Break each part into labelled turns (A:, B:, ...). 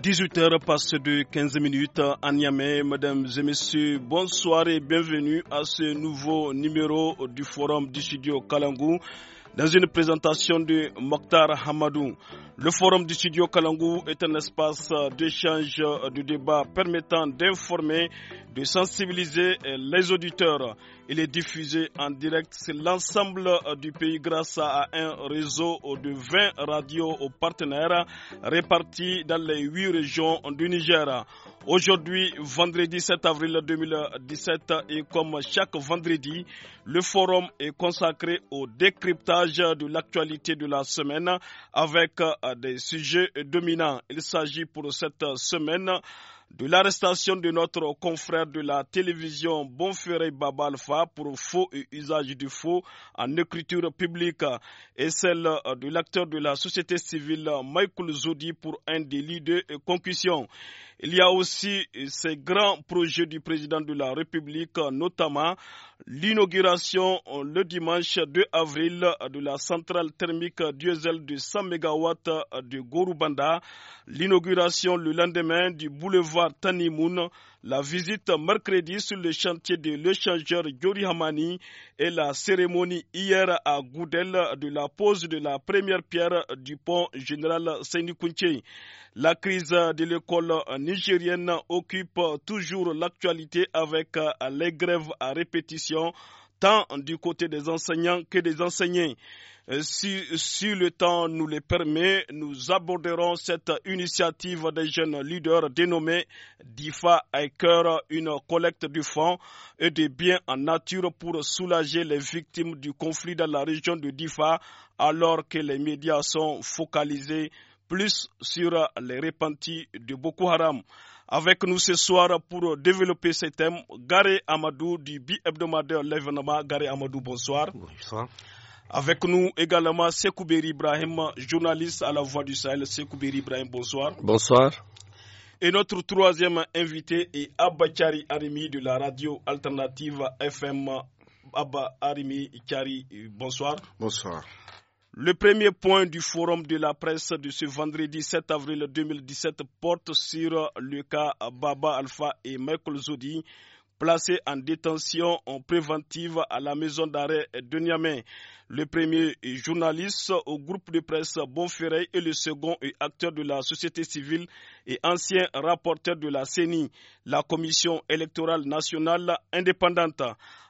A: 18h passe de 15 minutes à Niamey. Mesdames et messieurs, bonsoir et bienvenue à ce nouveau numéro du Forum du studio Kalangou dans une présentation de Mokhtar Hamadou. Le forum du studio Kalangou est un espace d'échange, de débat permettant d'informer, de sensibiliser les auditeurs. Il est diffusé en direct sur l'ensemble du pays grâce à un réseau de 20 radios aux partenaires répartis dans les 8 régions du Niger. Aujourd'hui, vendredi 7 avril 2017, et comme chaque vendredi, le forum est consacré au décryptage de l'actualité de la semaine avec des sujets dominants. Il s'agit pour cette semaine de l'arrestation de notre confrère de la télévision Bonferré Babalfa pour faux usage du faux en écriture publique et celle de l'acteur de la société civile Michael Zoudi pour un délit de concussion. Il y a aussi ces grands projets du président de la République, notamment L'inauguration euh, le dimanche 2 avril euh, de la centrale thermique diesel de 100 MW euh, de Gorubanda. L'inauguration le lendemain du boulevard Tanimoun. La visite mercredi sur le chantier de l'échangeur Yori Hamani et la cérémonie hier à Goudel de la pose de la première pierre du pont général Sénikounché. La crise de l'école nigérienne occupe toujours l'actualité avec les grèves à répétition tant du côté des enseignants que des enseignants. Euh, si, le temps nous le permet, nous aborderons cette initiative des jeunes leaders dénommée DIFA cœur, une collecte de fonds et de biens en nature pour soulager les victimes du conflit dans la région de DIFA alors que les médias sont focalisés plus sur les répentis de Boko Haram. Avec nous ce soir pour développer ce thème, Garé Amadou du bi-hebdomadaire L'événement. Garé Amadou, bonsoir. Bonsoir. Avec nous également Sekouber Ibrahim, journaliste à la Voix du Sahel. Sekouber Ibrahim, bonsoir.
B: Bonsoir.
A: Et notre troisième invité est Abba Chari Arimi de la radio alternative FM. Abba Arimi Chari, bonsoir. Bonsoir. Le premier point du forum de la presse de ce vendredi 7 avril 2017 porte sur le cas Baba Alpha et Michael Zodi, placé en détention en préventive à la maison d'arrêt de Niamey. Le premier journaliste au groupe de presse Bonferré et le second est acteur de la société civile et ancien rapporteur de la CENI, la Commission électorale nationale indépendante.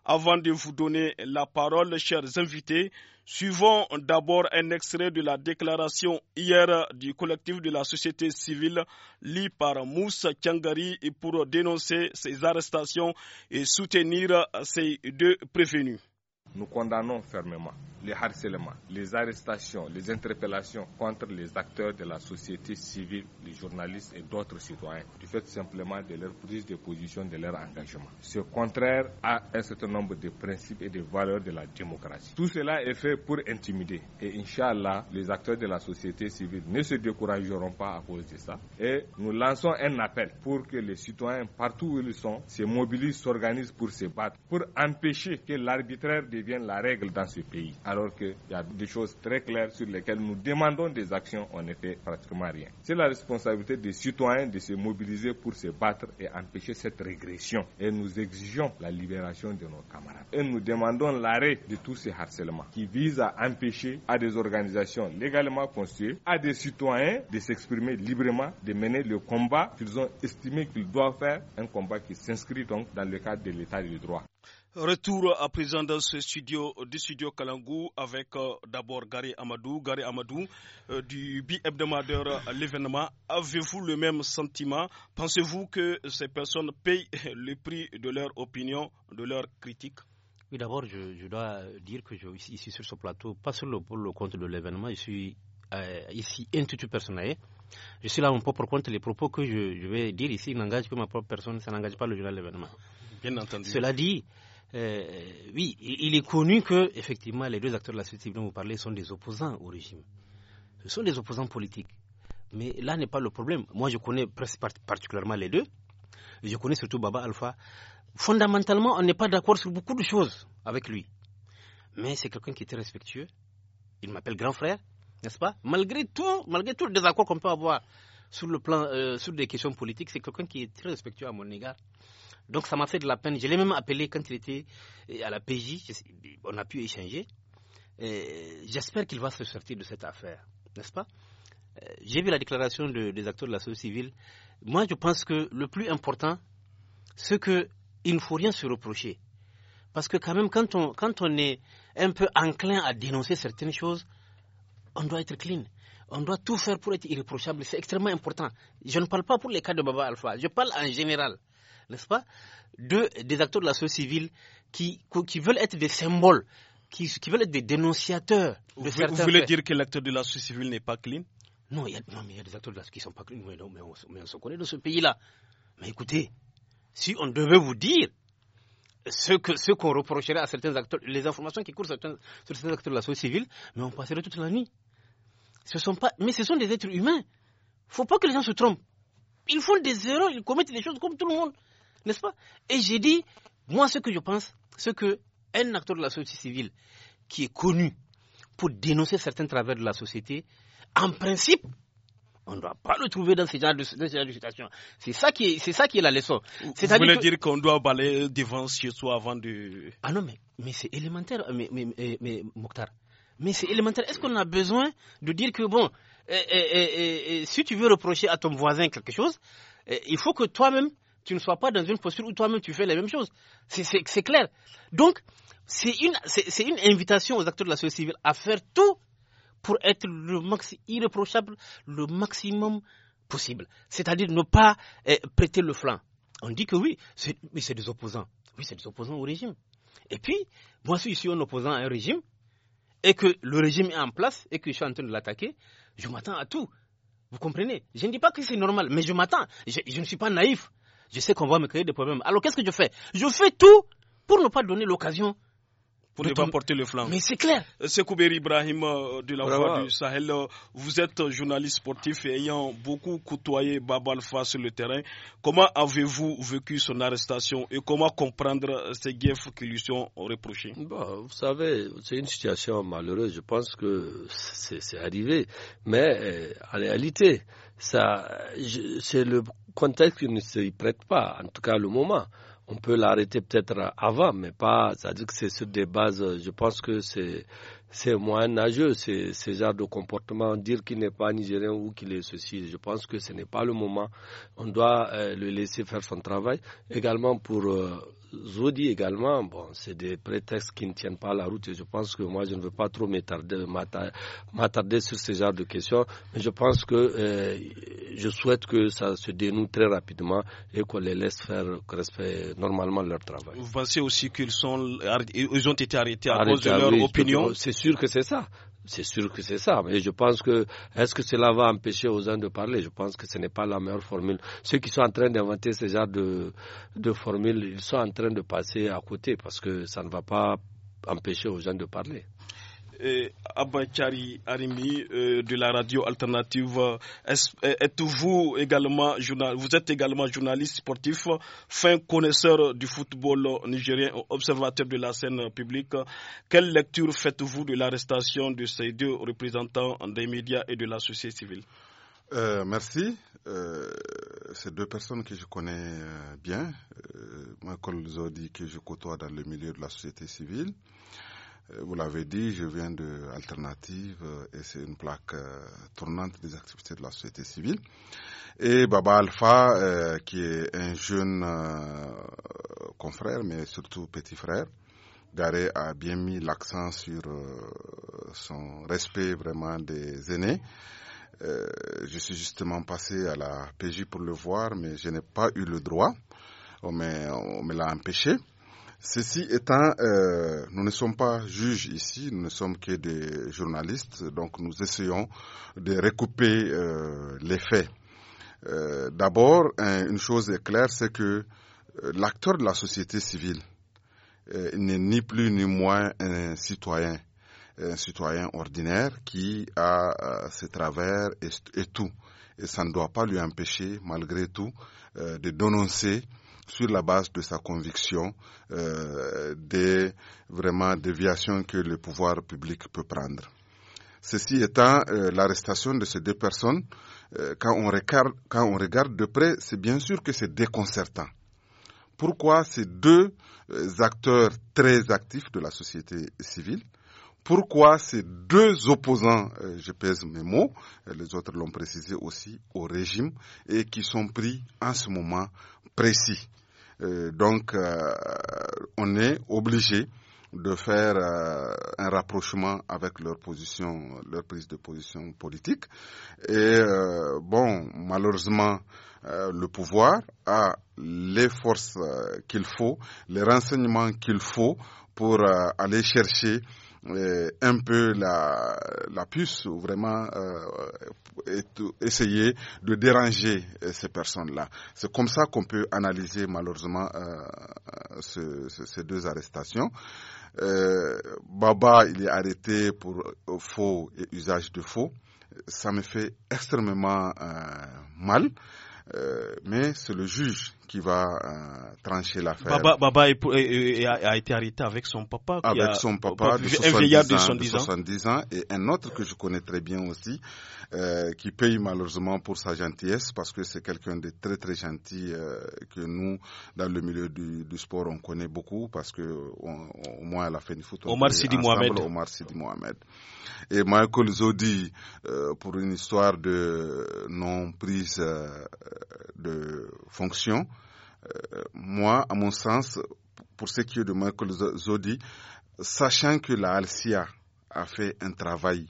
A: Avant de vous donner la parole, chers invités, suivons d'abord un extrait de la déclaration hier du collectif de la société civile liée par Moussa Tiangari pour dénoncer ces arrestations et soutenir ces deux
C: prévenus. Nous condamnons fermement les harcèlements, les arrestations, les interpellations contre les acteurs de la société civile, les journalistes et d'autres citoyens, du fait simplement de leur prise de position, de leur engagement. C'est contraire à un certain nombre de principes et de valeurs de la démocratie. Tout cela est fait pour intimider. Et Inch'Allah, les acteurs de la société civile ne se décourageront pas à cause de ça. Et nous lançons un appel pour que les citoyens, partout où ils sont, se mobilisent, s'organisent pour se battre, pour empêcher que l'arbitraire des devient la règle dans ce pays, alors qu'il y a des choses très claires sur lesquelles nous demandons des actions, on ne fait pratiquement rien. C'est la responsabilité des citoyens de se mobiliser pour se battre et empêcher cette régression. Et nous exigeons la libération de nos camarades. Et nous demandons l'arrêt de tous ces harcèlements qui visent à empêcher à des organisations légalement constituées, à des citoyens de s'exprimer librement, de mener le combat qu'ils ont estimé qu'ils doivent faire, un combat qui s'inscrit donc dans le cadre de l'état de droit.
A: Retour à présent dans ce studio du studio Kalangu avec euh, d'abord Gary Amadou. Gary Amadou euh, du bi-hebdomadaire L'événement. Avez-vous le même sentiment Pensez-vous que ces
D: personnes payent le prix de leur opinion,
A: de leur critique
D: Oui, d'abord, je, dois dire que je suis ici sur ce plateau, pas seulement pour le compte de l'événement, je suis euh, ici ici intitulé personnel. Je suis là en mon propre compte. Les propos que je, vais dire ici n'engagent que ma propre personne, ça n'engage pas le journal de l'événement. Bien entendu. Cela dit, euh, oui, il est connu que, effectivement, les deux acteurs de la société dont vous parlez sont des opposants au régime. Ce sont des opposants politiques. Mais là n'est pas le problème. Moi, je connais particulièrement les deux. Je connais surtout Baba Alpha. Fondamentalement, on n'est pas d'accord sur beaucoup de choses avec lui. Mais c'est quelqu'un qui est très respectueux. Il m'appelle grand frère, n'est-ce pas Malgré tout, malgré tout le désaccord qu'on peut avoir sur le plan, euh, sur des questions politiques, c'est quelqu'un qui est très respectueux à mon égard. Donc ça m'a fait de la peine. Je l'ai même appelé quand il était euh, à la PJ. On a pu échanger. J'espère qu'il va se sortir de cette affaire, n'est-ce pas euh, J'ai vu la déclaration des acteurs de la société civile. Moi, je pense que le plus important, c'est qu'il ne faut rien se reprocher. Parce que quand même, quand on, quand on est un peu enclin à dénoncer certaines choses, on doit être clean. On doit tout faire pour être irréprochable. C'est extrêmement important. Je ne parle pas pour les cas de Baba Alpha. Je parle en général n'est-ce pas de, Des acteurs de la société civile qui, qui veulent être des symboles, qui, qui veulent être des dénonciateurs. vous, voulez dire que l'acteur de la société civile n'est pas clean non, il y a, mais il y a des acteurs de qui ne sont pas clean, mais, on, mais on se connaît dans ce pays-là. Mais écoutez, si on devait vous dire ce qu'on ce reprocherait à certains acteurs, les informations qui courent sur certains, sur certains acteurs de la société civile, mais on passerait toute la nuit. Ce sont pas, mais ce sont des êtres humains. Faut pas que les gens se trompent. Ils font des erreurs, ils commettent des choses comme tout le monde. N'est-ce pas Et j'ai dit, moi, ce que je pense, c'est qu'un acteur de la société civile qui est connu pour dénoncer certains travers de la société, en principe, on ne doit pas le trouver dans ce genre de, situation. C'est ça, qui est, c'est ça qui est la leçon. Vous voulez dire qu'on doit balayer devant chez soi avant de... Ah non, mais, mais c'est élémentaire, mais, mais, Mokhtar. Mais c'est élémentaire. Est-ce qu'on a besoin de dire que, bon, eh, eh, eh, si tu veux reprocher à ton voisin quelque chose, il faut que toi-même, tu ne sois pas dans une posture où toi-même tu fais les mêmes choses. C'est clair. Donc, c'est une, invitation aux acteurs de la société civile à faire tout pour être le irréprochable, le maximum possible. C'est-à-dire ne pas eh, prêter le flanc. On dit que oui, c'est des opposants. Oui, c'est des opposants au régime. Et puis, moi, si je suis un opposant à un régime, et que le régime est en place, et que je suis en train de l'attaquer, je m'attends à tout. Vous comprenez Je ne dis pas que c'est normal, mais je m'attends. je, ne suis pas naïf je sais qu'on va me créer des problèmes. Alors qu'est-ce que je fais Je fais tout pour ne pas donner l'occasion pour ne pas porter le flanc. Mais c'est clair. Euh, Sekouber Ibrahim euh, de la Voix du Sahel, euh,
A: vous êtes journaliste sportif et ayant beaucoup côtoyé Baba Alpha sur le terrain. Comment avez-vous vécu son arrestation et comment comprendre ces griefs qui lui sont reprochés
B: Vous savez, c'est une situation malheureuse. Je pense que c'est arrivé. Mais en réalité, ça, c'est le contexte ne s'y prête pas, en tout cas le moment. On peut l'arrêter peut-être avant, mais pas. C'est-à-dire que c'est sur des bases. Je pense que c'est c'est moins nageux, ce genre de comportement, dire qu'il n'est pas nigérien ou qu'il est ceci. Je pense que ce n'est pas le moment. On doit euh, le laisser faire son travail. Également pour euh, Zodi également, bon, c'est des prétextes qui ne tiennent pas la route et je pense que moi je ne veux pas trop m'attarder sur ce genre de questions, mais je pense que euh, je souhaite que ça se dénoue très rapidement et qu'on les laisse faire normalement leur travail.
A: Vous pensez aussi qu'ils ont été arrêtés à cause de ah leur opinion
B: C'est sûr que c'est ça. C'est sûr que c'est ça, mais je pense que est-ce que cela va empêcher aux gens de parler Je pense que ce n'est pas la meilleure formule. Ceux qui sont en train d'inventer ce genre de, de ils sont en train de passer à côté parce que ça ne va pas empêcher aux gens de parler.
A: Abachari Arimi euh, de la radio alternative. Êtes-vous également journal, vous êtes également journaliste sportif, fin connaisseur du football nigérien, observateur de la scène publique. Quelle lecture faites-vous de l'arrestation de ces deux représentants des médias et de la société civile?
E: Euh, merci. Euh, deux personnes que je connais euh, bien. Euh, Michael Zodi, que je côtoie dans le milieu de la société civile. Euh, vous l'avez dit, je viens de Alternative euh, et c'est une plaque euh, tournante des activités de la société civile. Et Baba Alpha, qui est un jeune confrère, mais surtout petit frère, Garé a bien mis l'accent sur son respect vraiment des aînés. je suis justement passé à la PJ pour le voir, mais je n'ai pas eu le droit on me, l'a empêché. Ceci étant, euh, nous ne sommes pas juges ici, nous ne sommes que des journalistes, donc nous essayons de recouper euh, les faits. Euh, d'abord, une chose est claire, c'est que l'acteur de la société civile n'est ni plus ni moins un citoyen, un citoyen ordinaire qui a ses travers et, et tout. Et ça ne doit pas lui empêcher, malgré tout, de dénoncer sur la base de sa conviction euh, des vraiment déviations que le pouvoir public peut prendre. Ceci étant, euh, l'arrestation de ces deux personnes, euh, quand, on regarde, de près, c'est bien sûr que c'est déconcertant. Pourquoi ces deux acteurs très actifs de la société civile pourquoi ces deux opposants, je pèse mes mots, les autres l'ont précisé aussi, au régime, et qui sont pris en ce moment précis. Euh, donc, euh, on est obligé de faire euh, un rapprochement avec leur position, leur prise de position politique. Et bon, malheureusement, le pouvoir a les forces qu'il faut, les renseignements qu'il faut pour aller chercher euh, un peu la, puce ou vraiment euh, essayer de déranger euh, ces personnes-là. C'est comme ça qu'on peut analyser malheureusement ces deux arrestations. Baba, il est arrêté pour faux et usage de faux. Ça me fait extrêmement mal, mais c'est le juge qui va euh, trancher l'affaire. Baba,
A: Baba a été arrêté avec son papa. Avec son papa, de 70, ans,
E: 70, ans. Et un autre que je connais très bien aussi, euh, qui paye malheureusement pour sa gentillesse, parce que c'est quelqu'un de très très gentil euh, que nous, dans le milieu du, du, sport, on connaît beaucoup, parce que on, on, au moins à la fin du foot, au Omar Mohamed. Omar Sidi Mohamed. Et Michael Zodi, euh, pour une histoire de non-prise euh, de fonction, euh, moi, à mon sens, pour ce qui est de Michael Zodi, sachant que la Alcia a fait un travail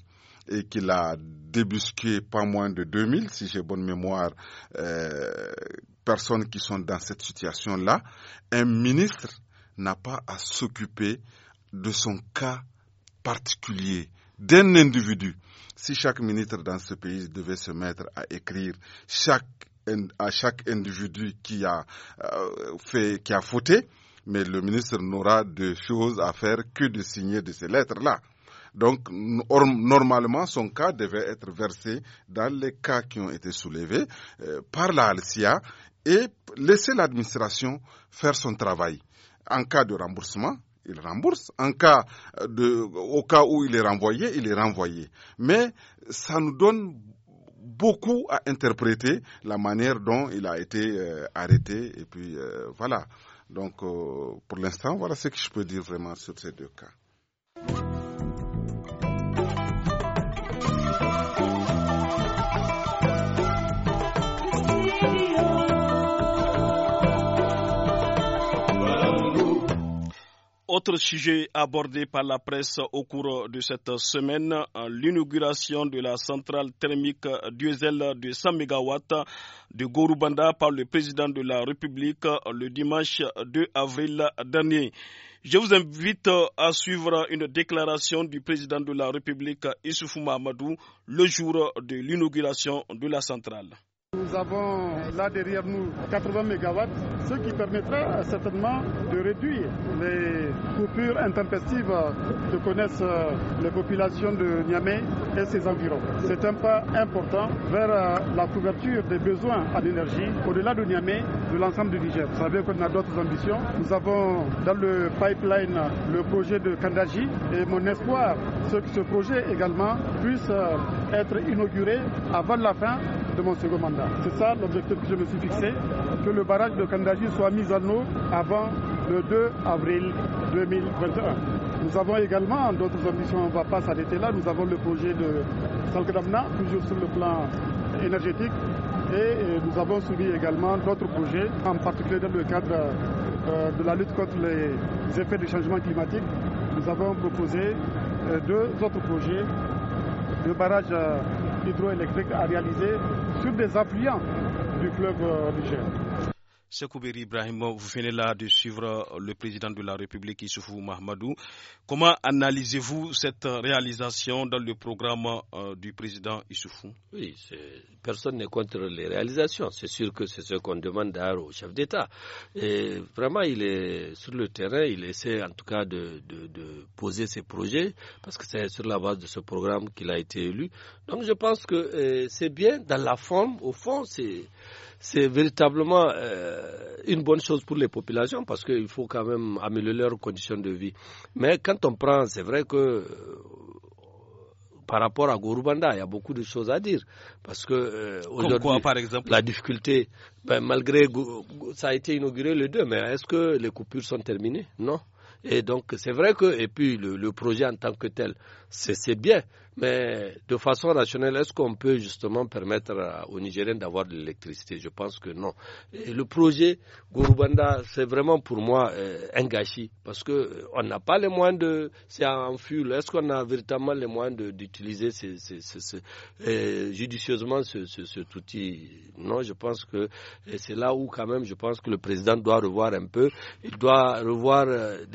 E: et qu'il a débusqué pas moins de 2000, si j'ai bonne mémoire, euh, personnes qui sont dans cette situation-là, un ministre n'a pas à s'occuper de son cas particulier, d'un individu. Si chaque ministre dans ce pays devait se mettre à écrire chaque à chaque individu qui a euh, fait, qui a fauté, mais le ministre n'aura de choses à faire que de signer de ces lettres-là. Donc, normalement, son cas devait être versé dans les cas qui ont été soulevés euh, par la Alcia et laisser l'administration faire son travail. En cas de remboursement, il rembourse. En cas de, au cas où il est renvoyé, il est renvoyé. Mais ça nous donne beaucoup à interpréter la manière dont il a été euh, arrêté. Et puis, euh, voilà. Donc, euh, pour l'instant, voilà ce que je peux dire vraiment sur ces deux cas.
A: Autre sujet abordé par la presse au cours de cette semaine, l'inauguration de la centrale thermique diesel de 100 MW de Gorubanda par le président de la République le dimanche 2 avril dernier. Je vous invite à suivre une déclaration du président de la République Issoufou Mahamadou le jour de l'inauguration de la centrale.
F: Nous avons là derrière nous 80 MW, ce qui permettra certainement de réduire les coupures intempestives que connaissent euh, les populations de Niamey et ses environs. C'est un pas important vers euh, la couverture des besoins en énergie au-delà de Niamey, de l'ensemble du Niger. Vous savez qu'on a d'autres ambitions. Nous avons dans le pipeline le projet de Kandaji et mon espoir, c'est que ce projet également puisse euh, être inauguré avant la fin mon second mandat. C'est ça l'objectif que je me suis fixé, que le barrage de Kandaji soit mis en eau avant le 2 avril 2021. Nous avons également d'autres ambitions, on ne va pas s'arrêter là. Nous avons le projet de Salkadamna, toujours sur le plan énergétique. Et nous avons suivi également d'autres projets, en particulier dans le cadre euh, de la lutte contre les effets du changement climatique. Nous avons proposé euh, deux autres projets de barrage euh, hydroélectrique à réaliser tous des appuyants du club euh, Niger.
A: Sekoubir Ibrahim, vous venez là de suivre le président de la République, Issoufou Mahmadou. Comment analysez-vous cette réalisation dans le programme euh, du président
B: Issoufou Oui, personne n'est contre les réalisations. C'est sûr que c'est ce qu'on demande au chef d'État. vraiment, il est sur le terrain, il essaie en tout cas de, poser ses projets parce que c'est sur la base de ce programme qu'il a été élu. Donc je pense que euh, c'est bien dans la forme, au fond, c'est c'est véritablement euh, une bonne chose pour les populations parce qu'il faut quand même améliorer leurs conditions de vie. Mais quand on prend, c'est vrai que euh, par rapport à Gorubanda, il y a beaucoup de choses à dire parce que euh, aujourd'hui, exemple, la difficulté, ben, malgré ça a été inauguré le 2, mais est-ce que les coupures sont terminées Non. Et donc, c'est vrai que, et puis le, projet en tant que tel, c'est bien, mais de façon rationnelle, est-ce qu'on peut justement permettre aux Nigériens d'avoir de l'électricité Je pense que non. le projet Gurubanda c'est vraiment pour moi euh, un gâchis, parce qu'on euh, n'a pas les moyens de. C'est en fuel. Est-ce qu'on a véritablement les moyens d'utiliser euh, judicieusement ce, cet outil Non, je pense que c'est là où, quand même, je pense que le président doit revoir un peu. Il doit revoir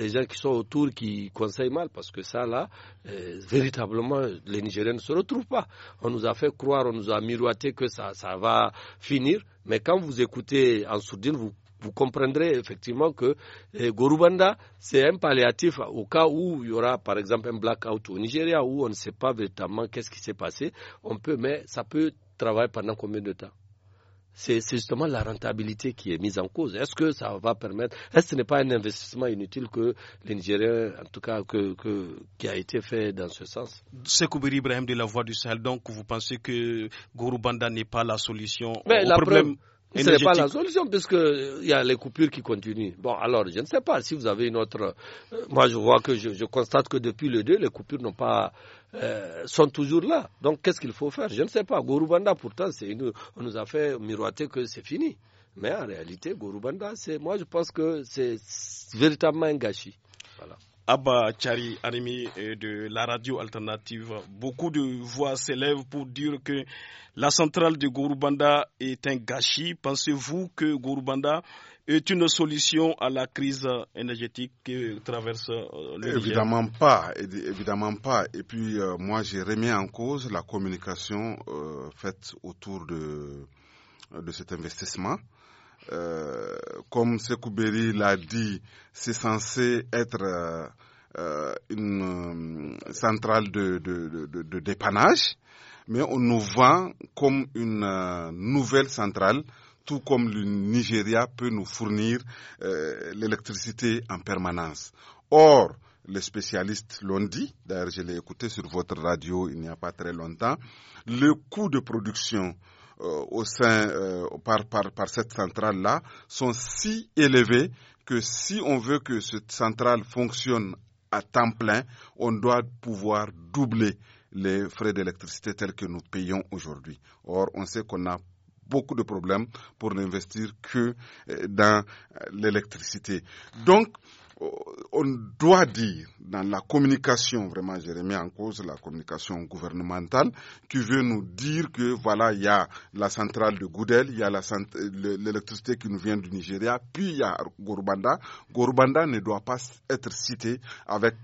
B: les gens qui sont autour qui conseillent mal, parce que ça, là, euh, véritablement, les Nigériens ne se retrouvent pas. On nous a fait croire, on nous a miroité que ça, va finir, mais quand vous écoutez en sourdine, vous comprendrez effectivement que euh, Gorubanda, c'est un palliatif au cas où il y aura par exemple un blackout au Nigeria où on ne sait pas véritablement qu'est-ce qui s'est passé. On peut, mais ça peut travailler pendant combien de temps c'est justement la rentabilité qui est mise en cause. Est-ce que ça va permettre, est-ce que ce n'est pas un investissement inutile que les en tout cas, que, qui a été fait dans ce sens
A: C'est Ibrahim de la Voix du Sahel, donc vous pensez que Banda n'est pas la solution
B: au la problème ce n'est pas la solution puisqu'il y a les coupures qui continuent. Bon, alors, je ne sais pas si vous avez une autre. Euh, moi, je vois que je, je constate que depuis le 2, les coupures n'ont pas euh, sont toujours là. Donc qu'est-ce qu'il faut faire Je ne sais pas. Gorubanda, pourtant, on nous a fait miroiter que c'est fini. Mais en réalité, Gorubanda, moi je pense que c'est véritablement un gâchis. Abba
A: Chari, animé de la radio alternative, beaucoup de voix s'élèvent pour dire que la centrale de Gorubanda est un gâchis. Pensez-vous que Gorubanda est une solution à la crise énergétique que traverse euh, le Évidemment
E: pas, évidemment pas. Et puis euh, moi j'ai remis en cause la communication euh, faite autour de, de cet investissement. comme Sekou l'a dit, c'est censé être une centrale de, de, dépannage, mais on nous vend comme une nouvelle centrale tout comme le Nigeria peut nous fournir euh, l'électricité en permanence. Or, les spécialistes l'ont dit, d'ailleurs je l'ai écouté sur votre radio il n'y a pas très longtemps, le coût de production euh, au sein, euh, par, par, par cette centrale-là sont si élevés que si on veut que cette centrale fonctionne à temps plein, on doit pouvoir doubler les frais d'électricité tels que nous payons aujourd'hui. Or, on sait qu'on a beaucoup de problèmes pour n'investir que euh, dans euh, l'électricité. Donc, euh, on doit dire dans la communication, vraiment j'ai remis en cause la communication gouvernementale, qui veut nous dire que voilà, il y a la centrale de Goudel, il y a l'électricité qui nous vient du Nigeria, puis il y a Gorbanda. Gorbanda ne doit pas être cité avec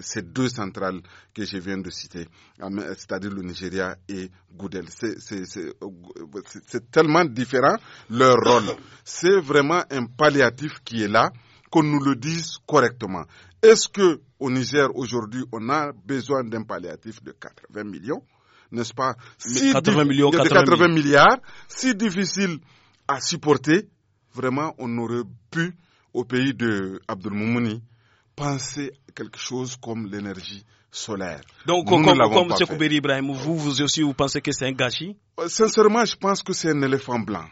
E: ces deux centrales que je viens de citer, c'est-à-dire le Nigeria et Goudel. Euh, c'est tellement différent leur rôle. C'est vraiment un palliatif qui est là, qu'on nous le dise correctement. Est-ce que au Niger aujourd'hui, on a besoin d'un palliatif de 80 millions, n'est-ce pas 80 de 80, milliards, si difficile à supporter, vraiment, on aurait pu au pays de penser penser quelque chose comme l'énergie solaire. Donc, comme, M. Kouberi
A: Ibrahim, vous, vous aussi, vous pensez que
E: c'est un gâchis euh, Sincèrement, je pense que c'est un éléphant blanc.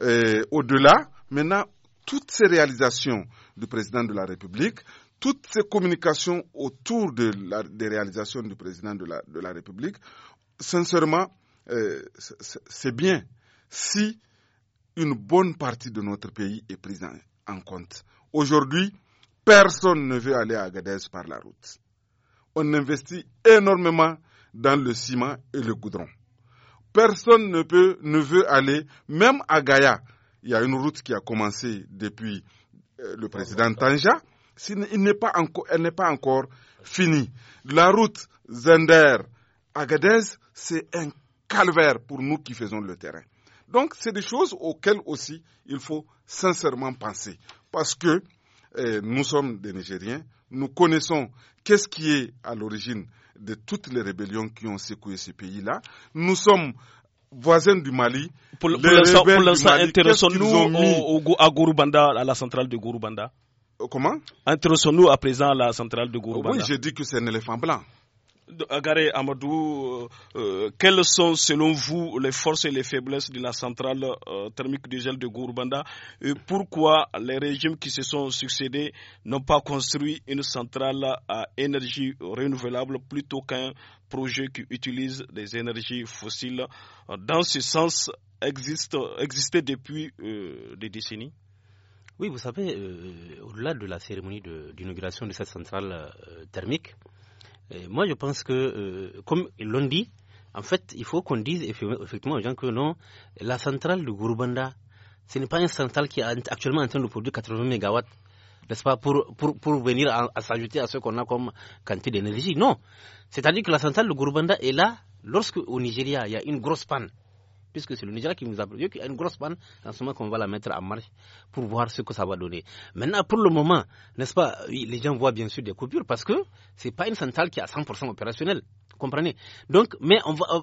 E: Euh, au-delà, maintenant, toutes ces réalisations du président de la République, toutes ces communications autour de des réalisations du président de la, de la République, sincèrement, euh, c'est bien si une bonne partie de notre pays est prise en compte. Aujourd'hui, Personne ne veut aller à Agadez par la route. On investit énormément dans le ciment et le goudron. Personne ne peut, ne veut aller, même à Gaïa. Il y a une route qui a commencé depuis euh, le président Tanja. elle n'est pas encore finie. La route Zender Agadez, c'est un calvaire pour nous qui faisons le terrain. Donc, c'est des choses auxquelles aussi il faut sincèrement penser. Parce que eh, nous sommes des Nigériens, nous connaissons qu'est-ce qui est à l'origine de toutes les rébellions qui ont secoué ce pays-là. Nous sommes voisins du Mali. Pour, l'instant, intéressons-nous
A: à la centrale de Gouroubanda. Euh, comment Intéressons-nous à présent à la centrale de Gouroubanda. Euh, oui, j'ai dit que c'est un éléphant blanc. Agaré Amadou, euh, euh, quelles sont selon vous les forces et les faiblesses de la centrale euh, thermique du gel de Gourbanda et pourquoi les régimes qui se sont succédés n'ont pas construit une centrale à énergie renouvelable plutôt qu'un projet qui utilise des énergies
D: fossiles Dans ce sens, existe, existait depuis des décennies Oui, vous savez, au-delà de la cérémonie d'inauguration de, cette centrale thermique, euh, moi, je pense que, euh, comme ils l'ont dit, en fait, il faut qu'on dise effectivement aux gens que non, la centrale de Gourbanda, ce n'est pas une centrale qui est actuellement en train de produire 80 MW, n'est-ce pas, pour, venir à, s'ajouter à ce qu'on a comme quantité d'énergie. Non. C'est-à-dire que la centrale de Gourbanda est là lorsque au Nigeria, il y a une grosse panne puisque c'est le Nigeria qui nous a produit, qu'il y a une grosse panne, en ce moment qu'on va la mettre en marche pour voir ce que ça va donner. Maintenant, pour le moment, n'est-ce pas, les gens voient bien sûr des coupures parce que ce n'est pas une centrale qui est à 100% opérationnelle. Comprenez Donc, mais on va, euh,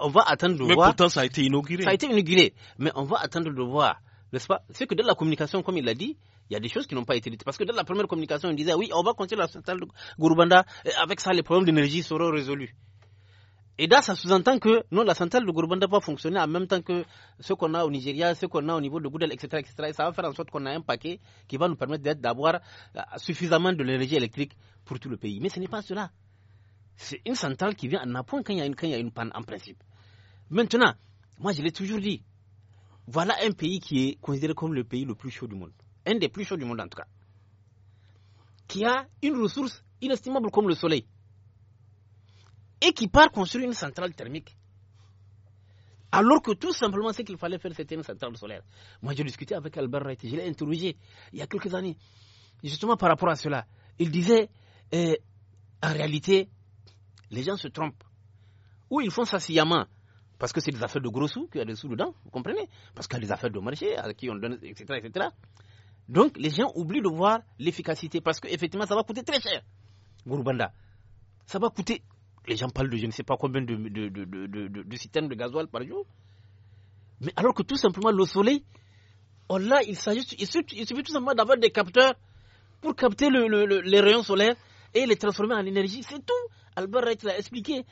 D: on va attendre de voir. Mais pourtant, ça a été inauguré. Ça a été inauguré. Mais on va attendre de voir, n'est-ce pas C'est que dans la communication, comme il l'a dit, il y a des choses qui n'ont pas été dites. Parce que dans la première communication, il disait, oui, on va continuer la centrale de Gourbanda, avec ça, les problèmes d'énergie seront résolus. Et là, ça sous-entend que non, la centrale de ne va fonctionner en même temps que ce qu'on a au Nigeria, ce qu'on a au niveau de Goudel, etc., Et ça va faire en sorte qu'on a un paquet qui va nous permettre d'avoir euh, suffisamment de l'énergie électrique pour tout le pays. Mais ce n'est pas cela. C'est une centrale qui vient en appoint quand quand il y a une panne, en principe. Maintenant, moi, je l'ai toujours dit. Voilà un pays qui est considéré comme le pays le plus chaud du monde. Un des plus chauds du monde, en tout cas. Qui a une ressource inestimable comme le soleil et qui part construire une centrale thermique. Alors que tout simplement ce qu'il fallait faire, c'était une centrale solaire. Moi, j'ai discuté avec Albert Wright, je l'ai interrogé il y a quelques années, justement par rapport à cela. Il disait, eh, en réalité, les gens se trompent. Ou ils font ça sciemment, parce que c'est des affaires de gros sous, qu'il y a des sous dedans, vous comprenez Parce qu'il y a des affaires de marché, à qui on donne, etc. etc. Donc les gens oublient de voir l'efficacité, parce qu'effectivement, ça va coûter très cher, Gourbanda. Ça va coûter les gens parlent de je ne sais pas combien de, de, de, de, citernes de gasoil par jour. Mais alors que tout simplement, le soleil, oh il, il, suffit tout simplement d'avoir des capteurs pour capter les rayons solaires et les transformer en énergie. C'est tout. Albert Reich l'a expliqué.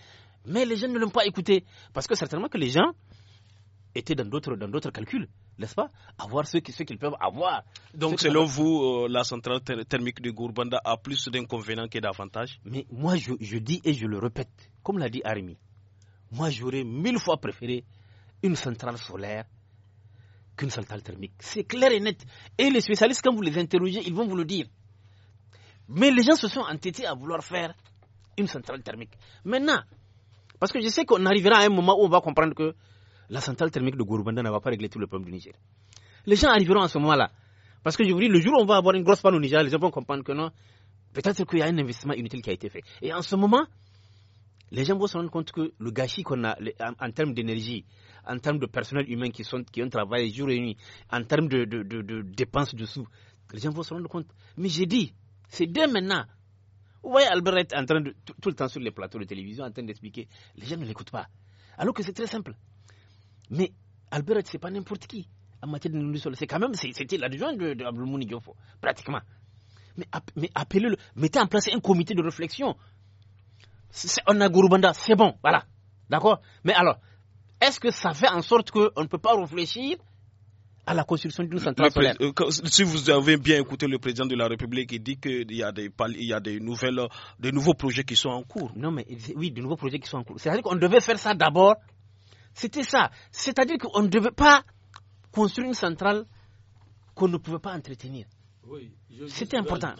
D: Mais les gens ne l'ont pas écouté. Parce que certainement que les gens, était dans d'autres dans d'autres calculs, n'est-ce pas Avoir ce qu'ils
A: peuvent avoir. Donc selon vous, euh, la centrale thermique de Gourbanda a plus d'inconvénients que
D: d'avantages Mais moi je, je, dis et je le répète, comme l'a dit Arimi, moi j'aurais mille fois préféré une centrale solaire qu'une centrale thermique. C'est clair et net. Et les spécialistes, quand vous les interrogez, ils vont vous le dire. Mais les gens se sont entêtés à vouloir faire une centrale thermique. Maintenant, parce que je sais qu'on arrivera à un moment où on va comprendre que la centrale thermique de Gourbanda n'a pas réglé tout le problème du Niger. Les gens arriveront à ce moment-là. Parce que je vous dis, le jour où on va avoir une grosse panne au Niger, les gens vont comprendre que non, peut-être qu'il y a un investissement inutile qui a été fait. Et en ce moment, les gens vont se rendre compte que le gâchis qu'on a en, termes d'énergie, en termes de personnel humain qui, ont travaillé jour et nuit, en termes de, dépenses de, sous dépenses les gens vont se rendre compte. Mais j'ai dit, c'est dès maintenant. Vous voyez Albert en train de, tout le temps sur les plateaux de télévision en train d'expliquer. Les gens ne l'écoutent pas. Alors que c'est très simple. Mais Albert, c'est pas n'importe qui en matière de nourriture. C'est quand même, c'était l'adjoint de, de Abdelmouni Diofo, pratiquement. Mais, appelez-le, mettez en place un comité de réflexion. On a Banda, c'est bon, voilà. D'accord Mais alors, est-ce que ça fait en sorte qu'on ne peut pas réfléchir à la construction d'une centrale solaire.
A: Euh, si vous avez bien écouté le président de la République, il dit qu'il y a, des, y a des, nouvelles,
D: des nouveaux projets qui sont en cours. Non, mais oui, des nouveaux projets qui sont en cours. C'est-à-dire qu'on devait faire ça d'abord c'était ça. C'est-à-dire qu'on ne devait pas construire une centrale qu'on ne pouvait pas entretenir.
B: Oui, C'était important.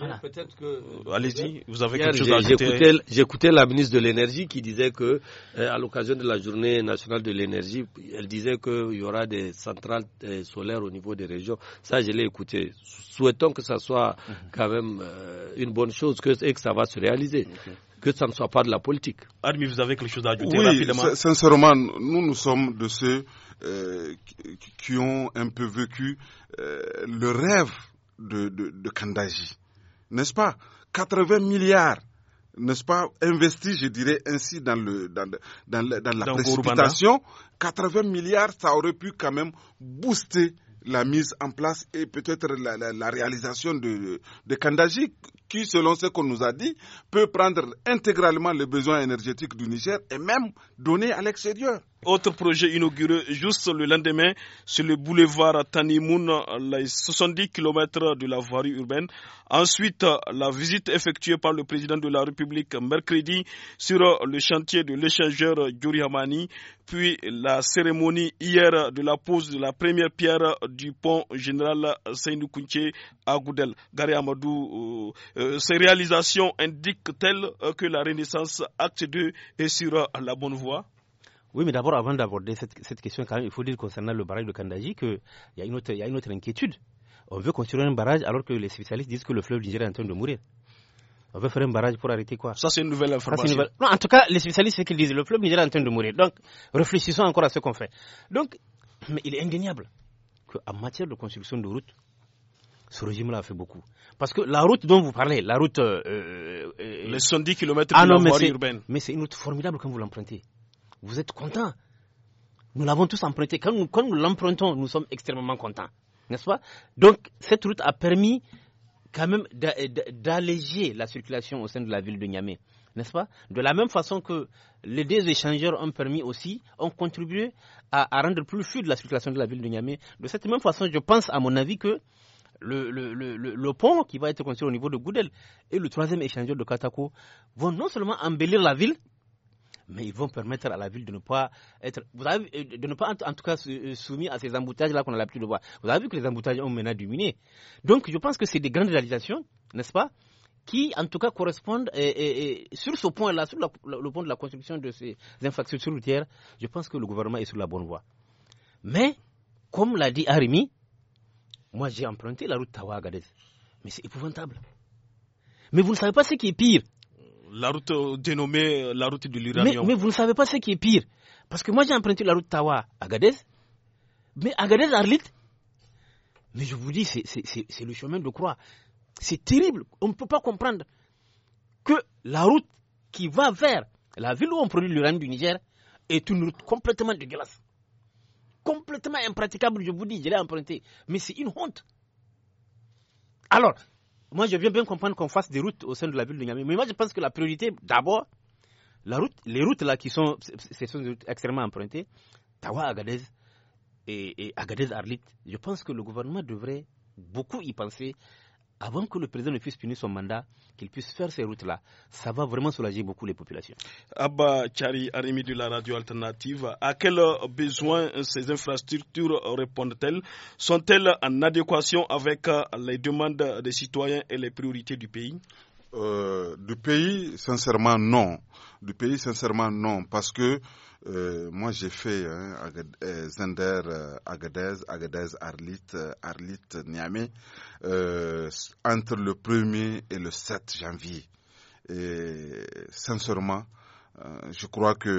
B: Que...
D: Euh, allez-y, vous avez quelque chose à ajouter.
B: J'écoutais la ministre de l'Énergie qui disait que, euh, à l'occasion de la Journée nationale de l'énergie, elle disait qu'il y aura des centrales euh, solaires au niveau des régions. Ça, je l'ai écouté. Souhaitons que ça soit mhm. quand même une bonne chose et que ça va se réaliser que ça ne soit pas de la politique. Admi, vous avez quelque chose à ajouter oui, rapidement Sincèrement,
E: nous, nous sommes de ceux euh, qui ont un peu vécu euh, le rêve de, de, Kandaji. N'est-ce pas 80 milliards n'est-ce pas, investi, je dirais ainsi, dans, le, dans, dans, la précipitation, 80 milliards, ça aurait pu quand même booster la mise en place et peut-être la, réalisation de, de Kandaji, qui, selon ce qu'on nous a dit,
A: peut prendre intégralement les besoins énergétiques du Niger et même donner à l'extérieur. Autre projet inauguré juste le lendemain sur le boulevard Tanimoun, les 70 km de la voirie urbaine. Ensuite, la visite effectuée par le président de la République mercredi sur le chantier de l'échangeur Hamani, puis la cérémonie hier de la pose de la première pierre du pont général Seydou Kounché à Goudel. Gary Amadou, euh, euh, ces réalisations indiquent-elles que la Renaissance Acte 2 est sur la bonne voie
D: oui, mais d'abord, avant d'aborder cette, question, il faut dire concernant le barrage de Kandaji qu'il y, a une autre, inquiétude. On veut construire un barrage alors que les spécialistes disent que le fleuve Niger est en train de mourir. On veut faire un barrage pour arrêter quoi Ça, c'est une nouvelle information. Non, en tout cas, les spécialistes, c'est qu'ils disent le fleuve Niger est en train de mourir. Donc, réfléchissons encore à ce qu'on fait. Donc, mais il est indéniable qu'en matière de construction de routes, ce régime-là a fait beaucoup. Parce que la route dont vous parlez, la route. Euh, euh, euh les 110 km ah de la urbaine. Mais c'est une route formidable quand vous l'empruntez. Vous êtes content. Nous l'avons tous emprunté. Quand nous, l'empruntons, nous sommes extrêmement contents. N'est-ce pas Donc, cette route a permis quand même d'alléger la circulation au sein de la ville de Niamey. N'est-ce pas De la même façon que les deux échangeurs ont permis aussi, ont contribué à, rendre plus fluide la circulation de la ville de Niamey. De cette même façon, je pense, à mon avis, que le, le, pont qui va être construit au niveau de Goudel et le troisième échangeur de Katako vont non seulement embellir la ville, mais ils vont permettre à la ville de ne pas être, euh, de ne pas en, tout cas euh, soumis à ces embouteillages-là qu'on a l'habitude de voir. Vous avez vu que les embouteillages ont mené à dominer. Donc, je pense que c'est des grandes réalisations, n'est-ce pas, qui, en tout cas, correspondent, sur ce point-là, sur le point de la construction de ces infrastructures routières, je pense que le gouvernement est sur la bonne voie. Mais, comme l'a dit Arimi, moi j'ai emprunté la route tawa Mais c'est épouvantable. Mais vous ne savez pas ce qui est pire. La route euh, dénommée euh, la route de l'Iran Mais, vous ne savez pas ce qui est pire. Parce que moi, j'ai emprunté la route Tawa-Agadez. Mais Agadez-Arlit. Mais je vous dis, c'est le chemin de croix. C'est terrible. On ne peut pas comprendre que la route qui va vers la ville où on produit l'uranium du Niger est une route complètement dégueulasse. Complètement impraticable, je vous dis, je l'ai emprunté. Mais c'est une honte. Alors, moi, je viens bien comprendre qu'on fasse des routes au sein de la ville de Niamey. Mais moi, je pense que la priorité, d'abord, la route, les routes là qui sont, extrêmement empruntées, Tawa, Agadez et Agadez Arlit, je pense que le gouvernement devrait beaucoup y penser avant que le président ne puisse punir son mandat, qu'il puisse faire ces routes-là. Ça va vraiment soulager beaucoup les populations. Abba Chari, Arimi de la radio alternative, à
A: quels besoins ces infrastructures répondent-elles Sont-elles en adéquation avec euh, les demandes des citoyens et les priorités du pays euh, Du
E: pays, sincèrement, non. Du pays, sincèrement, non. Parce que euh, moi, j'ai fait hein, euh, Zender, euh, Agadez, Agadez, Arlit, Arlit, Niamey, euh, entre le 1er et le 7 janvier. Et sincèrement, je crois que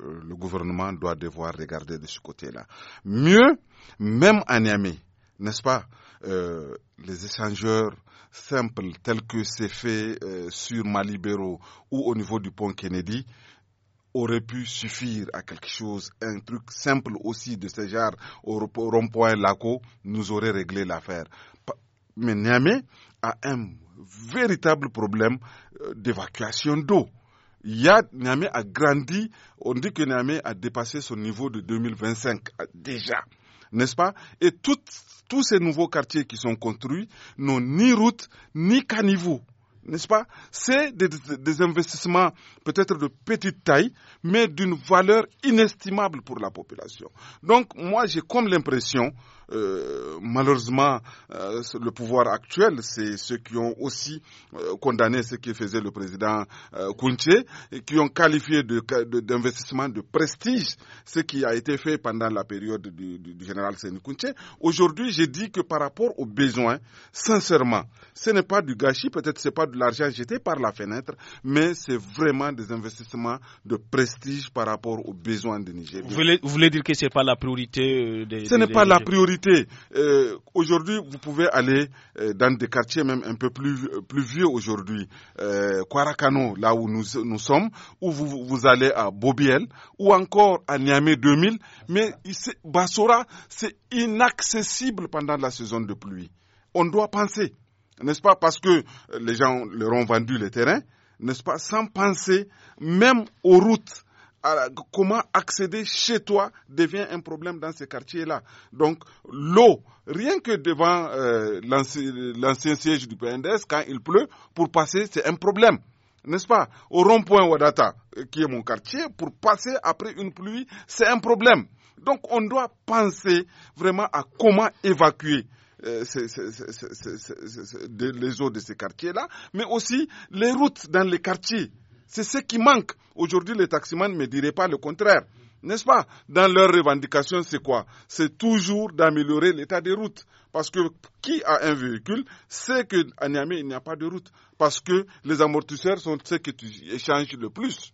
E: le gouvernement doit devoir regarder de ce côté-là. Mieux, même à Niamey, n'est-ce pas euh, les échangeurs simples tels que c'est fait euh, sur Malibéro ou au niveau du pont Kennedy, aurait pu suffire à quelque chose, un truc simple aussi de ce genre au rond-point Laco nous aurait réglé l'affaire. Mais Niamey a un véritable problème euh, d'évacuation d'eau. Niamey a grandi, on dit que Niamey a dépassé son niveau de 2025 euh, déjà, n'est-ce pas Et tous ces nouveaux quartiers qui sont construits n'ont ni route ni caniveau n'est-ce pas C'est des, des, investissements peut-être de petite taille, mais d'une valeur inestimable pour la population. Donc moi, j'ai comme l'impression euh, malheureusement, euh, le pouvoir actuel, c'est ceux qui ont aussi euh, condamné ce que faisait le président Kounché, et qui ont qualifié d'investissement de, prestige ce qui a été fait pendant la période du, général Seni Kounché. Aujourd'hui, j'ai dit que par rapport aux besoins, sincèrement, ce n'est pas du gâchis, peut-être ce n'est pas de l'argent jeté par la fenêtre, mais c'est vraiment des investissements de prestige par rapport aux besoins de Niger.
A: Vous voulez, dire que ce n'est pas la priorité des... Ce n'est pas la priorité
E: Écoutez, euh, aujourd'hui, vous pouvez aller euh, dans des quartiers même un peu plus, plus vieux aujourd'hui, euh, là où nous, nous sommes, ou vous, allez à Bobiel, ou encore à Niamey 2000, mais Bassora, c'est inaccessible pendant la saison de pluie. On doit penser, n'est-ce pas, parce que euh, les gens leur ont vendu les terrains, n'est-ce pas, sans penser même aux routes comment accéder chez toi devient un problème dans ces quartiers-là. Donc l'eau, rien que devant euh, l'ancien siège du PNDS, quand il pleut, pour passer, c'est un problème n'est-ce pas, au rond-point Wadata, euh, qui est mon quartier, pour passer après une pluie, c'est un problème. Donc on doit penser vraiment à comment évacuer euh, les eaux de ces quartiers-là, mais aussi les routes dans les quartiers c'est ce qui manque. Aujourd'hui, les taximans ne me diraient pas le contraire. N'est-ce pas Dans leurs revendications, c'est quoi C'est toujours d'améliorer l'état des routes. Parce que qui a un véhicule sait qu'à Niamey, il n'y a pas de route. Parce que les amortisseurs
A: sont ceux qui échangent le plus.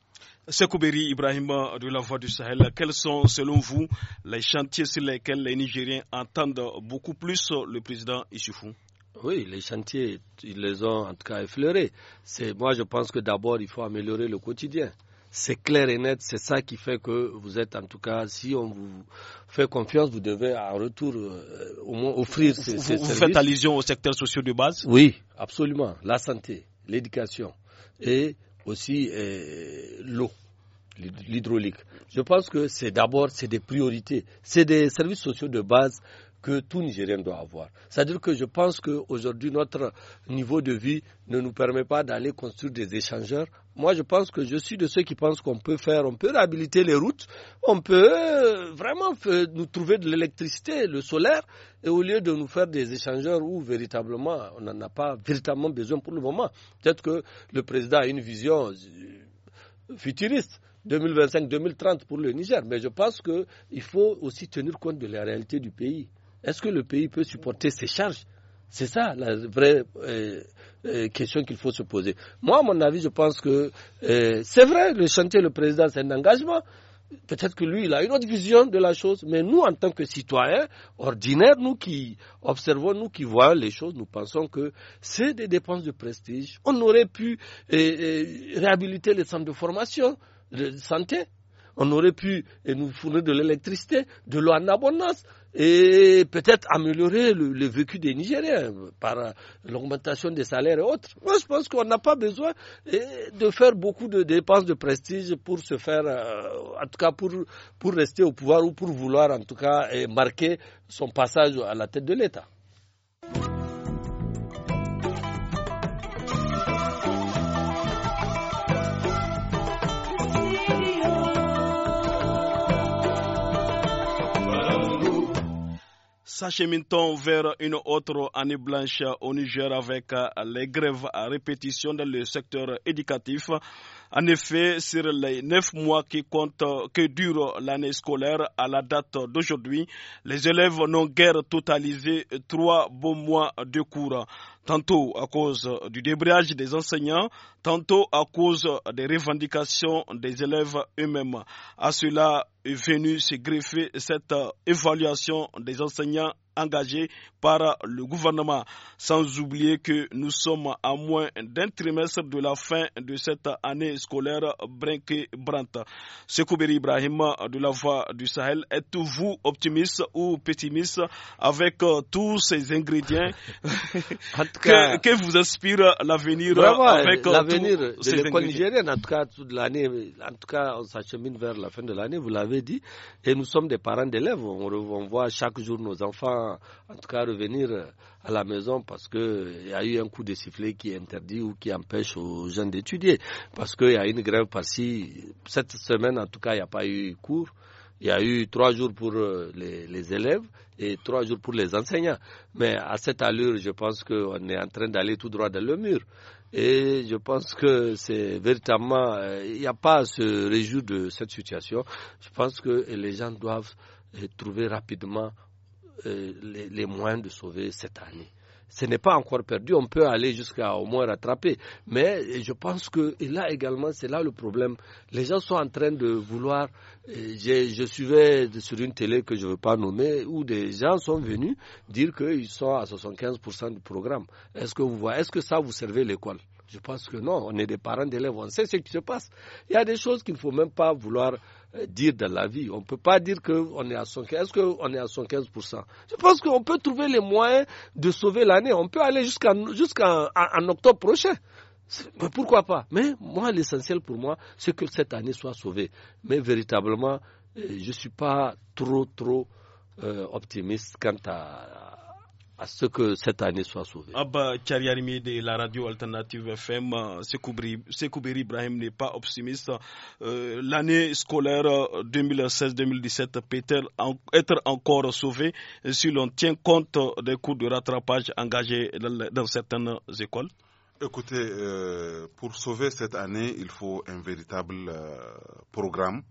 A: Sekouberi Ibrahim de la Voix du Sahel, quels sont selon vous les chantiers sur lesquels les Nigériens entendent beaucoup plus le président
B: Issoufou oui, les chantiers, ils les ont en tout cas effleurés. moi, je pense que d'abord, il faut améliorer le quotidien. C'est clair et net, c'est ça qui fait que vous êtes en tout cas, si on vous fait confiance, vous devez en retour euh, au moins offrir ces, services. Vous faites allusion au secteur social de base Oui, absolument. La santé, l'éducation et aussi euh, l'eau l'hydraulique. Je pense que c'est d'abord c'est des priorités, c'est des services sociaux de base que tout Nigérien doit avoir. C'est-à-dire que je pense qu'aujourd'hui, notre niveau de vie ne nous permet pas d'aller construire des échangeurs. Moi, je pense que je suis de ceux qui pensent qu'on peut faire, on peut réhabiliter les routes, on peut euh, vraiment euh, nous trouver de l'électricité, le solaire, et au lieu de nous faire des échangeurs où véritablement, on n'en a pas véritablement besoin pour le moment. Peut-être que le président a une vision euh, futuriste. 2025-2030 pour le Niger, mais je pense qu'il faut aussi tenir compte de la réalité du pays. Est-ce que le pays peut supporter ces charges C'est ça la vraie euh, euh, question qu'il faut se poser. Moi, à mon avis, je pense que euh, c'est vrai, le chantier, le président, c'est un engagement. Peut-être que lui, il a une autre vision de la chose, mais nous, en tant que citoyens ordinaires, nous qui observons, nous qui voyons les choses, nous pensons que c'est des dépenses de prestige. On aurait pu réhabiliter les centres de formation, de santé. On aurait pu nous fournir de l'électricité, de l'eau en abondance et peut-être améliorer le, vécu des Nigériens par l'augmentation des salaires et autres. Moi, je pense qu'on n'a pas besoin eh, de faire beaucoup de dépenses de prestige pour se faire, euh, en tout cas pour, pour rester au pouvoir ou pour vouloir en tout cas eh, marquer son passage à la tête de l'État.
A: Nous vers une autre année blanche au Niger avec les grèves à répétition dans le secteur éducatif En effet, sur les neuf mois qui comptent, que dure l'année scolaire à la date d'aujourd'hui, les élèves n'ont guère totalisé trois beaux mois de cours tantôt à cause du débrayage des enseignants, tantôt à cause des revendications des élèves eux-mêmes. À cela est venu se greffer cette euh, évaluation des enseignants engagés par le gouvernement. Sans oublier que nous sommes à moins d'un trimestre de la fin de cette année scolaire Brinke-Brant. Sekouberi Ibrahim de la Voix du Sahel, êtes-vous optimiste ou pessimiste avec euh, tous ces ingrédients que, vous inspire l'avenir avec euh, l'avenir de l'école
B: nigérienne En tout cas, l'année, tout cas, on s'achemine vers la fin de l'année, vous l'avez dit, et nous sommes des parents d'élèves. on voit chaque jour nos enfants en tout cas, revenir à la maison parce qu'il y a eu un coup de sifflet qui interdit ou qui empêche aux jeunes d'étudier. Parce qu'il y a une grève par Cette semaine, en tout cas, il n'y a pas eu cours. Il y a eu trois jours pour euh, les, les, élèves et trois jours pour les enseignants. Mais à cette allure, je pense qu'on est en train d'aller tout droit dans le mur. Et je pense que c'est véritablement, euh, il n'y a pas à se réjouir de cette situation. Je pense que les gens doivent euh, trouver rapidement euh, les, les, moyens de sauver cette année. Ce n'est pas encore perdu, on peut aller jusqu'à au moins rattraper. Mais je pense que et là également, c'est là le problème. Les gens sont en train de vouloir. Euh, je, suivais sur une télé que je ne veux pas nommer, où des gens sont venus dire qu'ils sont à 75% du programme. Est-ce que vous voyez, est-ce que ça vous servait l'école je pense que non, on est des parents d'élèves, on sait ce qui se passe. Il y a des choses qu'il ne faut même pas vouloir euh, dire dans la vie. On ne peut pas dire qu'on est à 115, est est à 115% Je pense qu'on peut trouver les moyens de sauver l'année. On peut aller jusqu'en octobre prochain. Pourquoi pas Mais moi, l'essentiel pour moi, c'est que cette année soit sauvée. Mais véritablement, euh, je ne suis pas trop, trop euh, optimiste quant à, à ce que cette année soit sauvée.
A: Abba de la radio alternative FM, euh, Sekouberi Ibrahim n'est pas optimiste. Euh, l'année scolaire 2016-2017 euh, peut-elle être encore sauvée si l'on tient compte des coûts de rattrapage engagés dans, certaines écoles
E: Écoutez, pour sauver cette année, il faut un véritable programme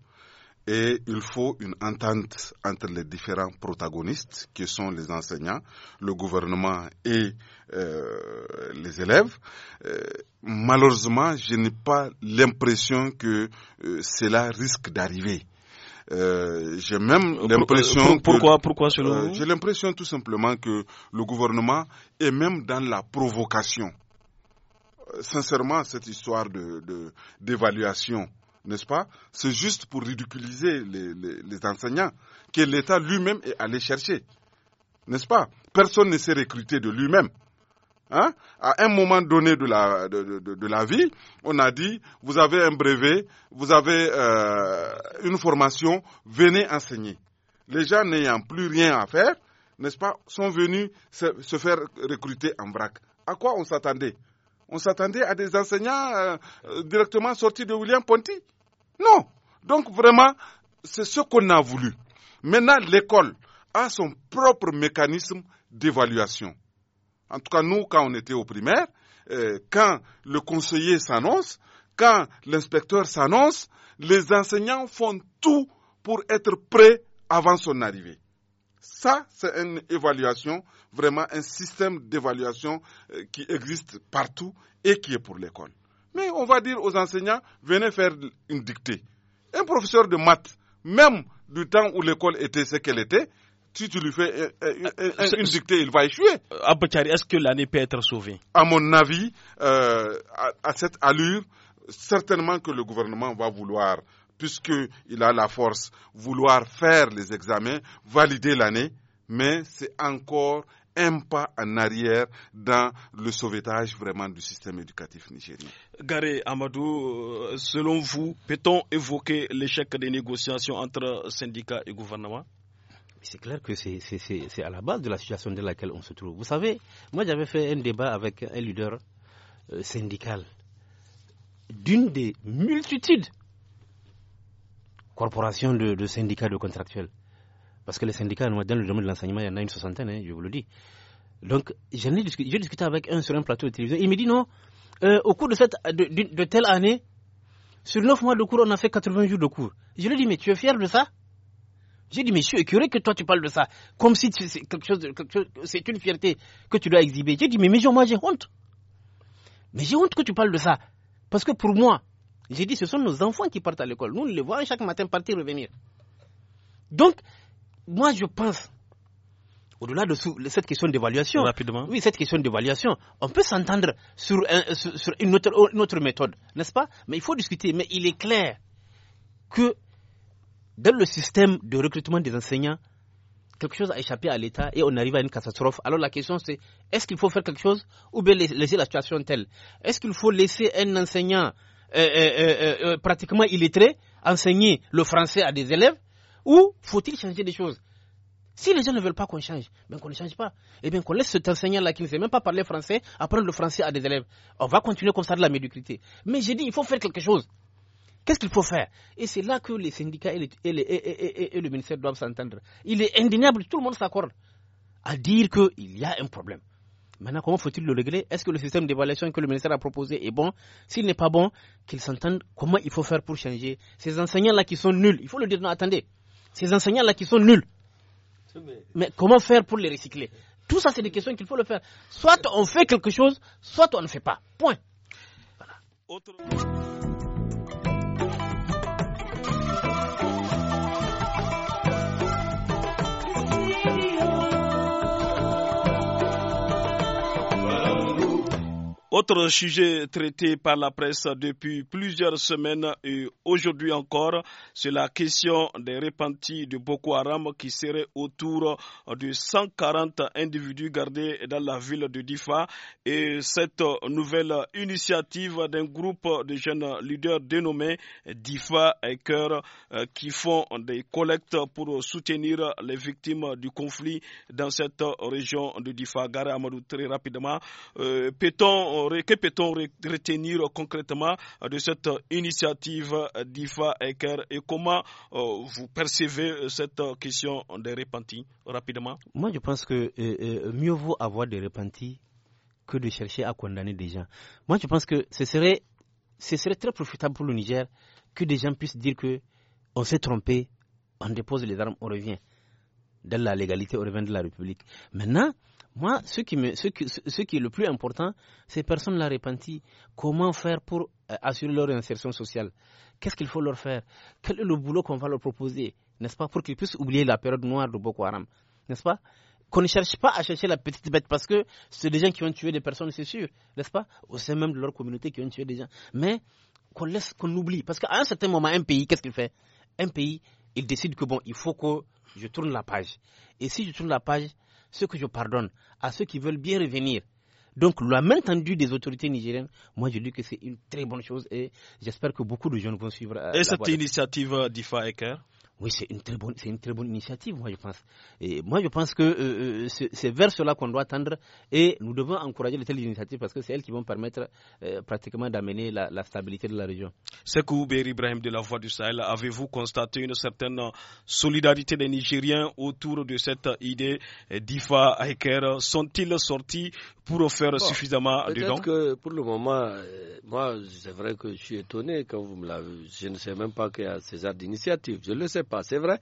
E: et il faut une entente entre les différents protagonistes qui sont les enseignants, le gouvernement et euh, les élèves. Euh, malheureusement, je n'ai pas l'impression que euh, cela risque d'arriver. Euh, j'ai même l'impression pourquoi que, pourquoi selon j'ai l'impression tout simplement que le gouvernement est même dans la provocation sincèrement cette histoire de d'évaluation n'est-ce pas C'est juste pour ridiculiser les, enseignants que l'État lui-même est allé chercher, n'est-ce pas Personne ne s'est recruté de lui-même. Hein? à un moment donné de la, vie, on a dit, vous avez un brevet, vous avez euh, une formation, venez enseigner. Les gens n'ayant plus rien à faire, n'est-ce pas, sont venus se faire recruter en vrac. À quoi on s'attendait on s'attendait à des enseignants euh, euh, directement sortis de William Ponty. Non. Donc vraiment, c'est ce qu'on a voulu. Maintenant, l'école a son propre mécanisme d'évaluation. En tout cas, nous, quand on était au primaire, euh, quand le conseiller s'annonce, quand l'inspecteur s'annonce, les enseignants font tout pour être prêts avant son arrivée. Ça, c'est une évaluation, vraiment un système d'évaluation euh, qui existe partout et qui est pour l'école. Mais on va dire aux enseignants, venez faire une dictée. Un professeur de maths, même du temps où l'école était ce qu'elle était, si tu lui fais euh, euh, une, dictée, il va échouer.
A: Abachari, est-ce que l'année peut être sauvée À mon avis,
E: à, cette allure, certainement que le gouvernement va vouloir puisqu'il a la force, vouloir faire les examens, valider l'année, mais c'est encore un pas en arrière dans le sauvetage vraiment du système éducatif nigérien.
A: Garé Amadou, euh, selon vous, peut-on évoquer l'échec des négociations entre syndicats
D: et gouvernement c'est clair que c'est à la base de la situation dans laquelle on se trouve. Vous savez, moi j'avais fait un débat avec un leader euh, syndical d'une des multitudes corporation de, syndicats de contractuels. Parce que les syndicats, dans le domaine de l'enseignement, il y en a une soixantaine, hein, je vous le dis. Donc, j'en discuté, j'ai discuté avec un sur un plateau de télévision. Il me dit non, euh, au cours de, cette, de, telle année, sur 9 mois de cours, on a fait 80 jours de cours. Je lui ai dit, mais tu es fier de ça J'ai dit, mais je suis que toi tu parles de ça. Comme si c'est quelque chose, c'est une fierté que tu dois exhiber. J'ai dit, mais, mais moi j'ai honte. Mais j'ai honte que tu parles de ça. Parce que pour moi, j'ai dit, ce sont nos enfants qui partent à l'école. Nous, nous les voyons chaque matin partir, revenir. Donc, moi, je pense, au-delà de cette question d'évaluation, oui, cette question d'évaluation, on peut s'entendre sur, autre, une, autre, méthode, n'est-ce pas Mais il faut discuter. Mais il est clair que dans le système de recrutement des enseignants, quelque chose a échappé à l'État et on arrive à une catastrophe. Alors la question c'est est-ce qu'il faut faire quelque chose ou bien laisser la situation telle Est-ce qu'il faut laisser un enseignant euh, euh, euh, pratiquement illettré enseigner le français à des élèves ou faut-il changer des choses si les gens ne veulent pas qu'on change, ben qu'on ne change pas. Et eh bien qu'on laisse cet enseignant-là qui ne sait même pas parler français apprendre le français à des élèves. On va continuer comme ça de la médiocrité. Mais j'ai dit, il faut faire quelque chose. Qu'est-ce qu'il faut faire Et c'est là que les syndicats et, et le ministère doivent s'entendre. Il est indéniable, tout le monde s'accorde à dire qu'il y a un problème. Maintenant, comment faut-il le régler Est-ce que le système d'évaluation que le ministère a proposé est bon S'il n'est pas bon, qu'ils s'entendent comment il faut faire pour changer. Ces enseignants-là qui sont nuls, il faut le dire, non, attendez, ces enseignants-là qui sont nuls, mais comment faire pour les recycler Tout ça, c'est des questions qu'il faut le faire. Soit on fait quelque chose, soit on ne fait pas. Point. Voilà.
A: Autre sujet traité par la presse depuis plusieurs semaines et aujourd'hui encore, c'est la question des repentis de Boko Haram qui serait autour de 140 individus gardés dans la ville de Difa et cette nouvelle initiative d'un groupe de jeunes leaders dénommés Difa et Cœur euh, qui font des collectes pour soutenir les victimes du conflit dans cette région de Difa. Gare Amadou, très rapidement, euh, peut que peut-on retenir concrètement de cette initiative d'IFA Eker et comment euh, vous percevez cette question des repentis rapidement
D: Moi, je pense que euh, euh, mieux vaut avoir des repentis que de chercher à condamner des gens. Moi, je pense que ce serait, ce serait très profitable pour le Niger que des gens puissent dire que on s'est trompé, on dépose les armes, on revient de la légalité au revenu de la République. Maintenant, moi, ce qui, me, ce qui, ce qui est le plus important, ces personnes-là répandues, comment faire pour euh, assurer leur insertion sociale Qu'est-ce qu'il faut leur faire Quel est le boulot qu'on va leur proposer N'est-ce pas Pour qu'ils puissent oublier la période noire de Boko Haram. N'est-ce pas Qu'on ne cherche pas à chercher la petite bête parce que c'est des gens qui ont tué des personnes, c'est sûr. N'est-ce pas Au sein même de leur communauté qui ont tué des gens. Mais qu'on laisse, qu'on oublie. Parce qu'à un certain moment, un pays, qu'est-ce qu'il fait Un pays, il décide que bon, il faut que je tourne la page. Et si je tourne la page, ce que je pardonne à ceux qui veulent bien revenir. Donc, la main tendue des autorités nigériennes, moi je dis que c'est une très bonne chose et j'espère que beaucoup de jeunes vont suivre. Euh, et cette initiative euh, d'IFA oui, c'est une très bonne, c'est une très bonne initiative, moi je pense. Et moi je pense que euh, euh, c'est vers cela qu'on doit tendre et nous devons encourager de telles initiatives parce que c'est elles qui vont permettre euh, pratiquement d'amener la, stabilité de la région.
A: Sekou Ber Ibrahim de la Voix du Sahel, avez-vous constaté une certaine solidarité des Nigériens autour de cette idée eh, d'IFA Hiker Sont-ils sortis
B: pour offrir suffisamment de dons que pour le moment, moi c'est vrai que je suis étonné quand vous me l'avez. Je ne sais même pas qu'il y a ces arts d'initiative. Je le sais c'est vrai,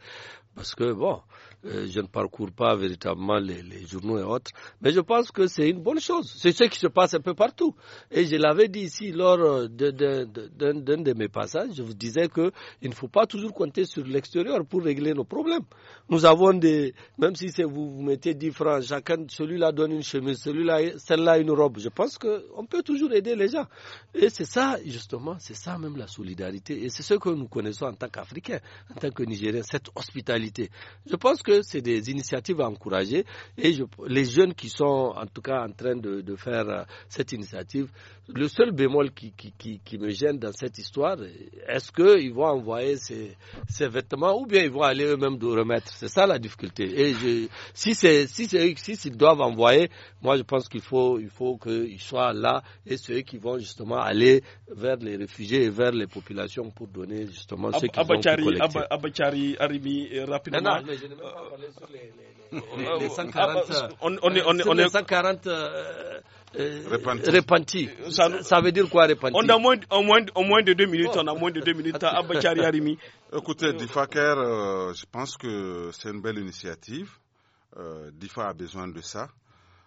B: parce que bon, euh, je ne parcours pas véritablement les, journaux et autres, mais je pense que c'est une bonne chose. C'est ce qui se passe un peu partout. Et je l'avais dit ici lors euh, d'un de, mes passages, je vous disais qu'il ne faut pas toujours compter sur l'extérieur pour régler nos problèmes. Nous avons des, même si vous, mettez 10 francs, chacun, celui-là donne une chemise, celui-là, celle-là une robe, je pense qu'on peut toujours aider les gens. Et c'est ça, justement, c'est ça même la solidarité. Et c'est ce que nous connaissons en tant qu'Africains, en tant que cette hospitalité. Je pense que c'est des initiatives à encourager et les jeunes qui sont en tout cas en train de, faire euh, cette initiative, le seul bémol qui, qui, qui, me gêne dans cette histoire, est-ce qu'ils vont envoyer ces, ces, vêtements ou bien ils vont aller eux-mêmes de remettre C'est ça la difficulté. Et si c'est si c'est si s'ils doivent envoyer, moi je pense qu'il faut il faut qu'ils soient là et ceux qui vont justement aller vers les réfugiés et vers les populations pour donner justement ce qu'ils ont on, Ça, veut dire quoi On a moins, moins, moins de deux minutes, on a moins de minutes à
E: Écoutez, euh, je pense que c'est une belle initiative. Euh, Difa a besoin de ça.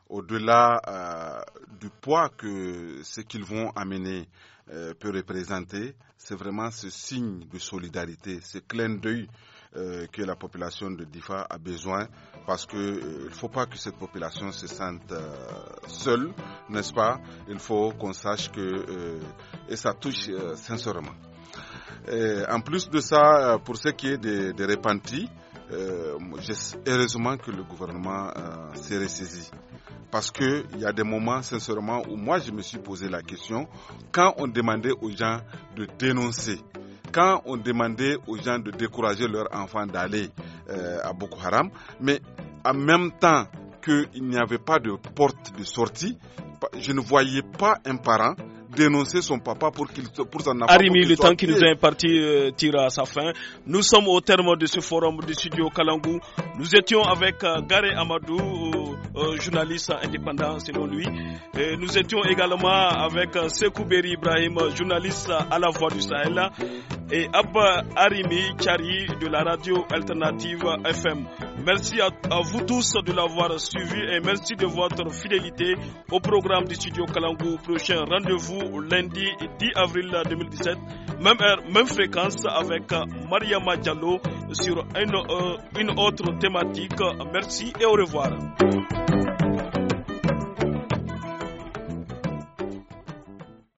E: Au-delà euh, du poids que ce qu'ils vont amener euh, peut représenter, c'est vraiment ce signe de solidarité, ce clin d'œil euh, que la population de Difa a besoin parce qu'il euh, ne faut pas que cette population se sente seule, n'est-ce pas Il faut qu'on sache que... et ça touche sincèrement. en plus de ça, pour ce qui est des, des répentis, heureusement que le gouvernement s'est ressaisi. Parce qu'il y a des moments, sincèrement, où moi je me suis posé la question, quand on demandait aux gens de dénoncer, quand on demandait aux gens de décourager leurs enfants d'aller euh, à Boko Haram, mais en même temps qu'il n'y avait pas de porte de sortie, je ne voyais pas un parent dénoncer son papa pour, qu'il, pour Arimi, le temps qui nous est
A: imparti tira euh, tire à sa fin. Nous sommes au terme de ce forum du studio Kalangou. Nous étions avec euh, Gare Amadou, euh, journaliste indépendant selon lui. nous étions également avec Sekou Ibrahim, journaliste à la Voix du Sahel. Et Abba Arimi Chari de la radio alternative FM. Merci à, vous tous de l'avoir suivi et merci de votre fidélité au programme du studio Kalangou. Prochain rendez-vous lundi 10 avril 2017, même fréquence avec euh, Maria Diallo sur euh, une autre thématique. Merci et au revoir.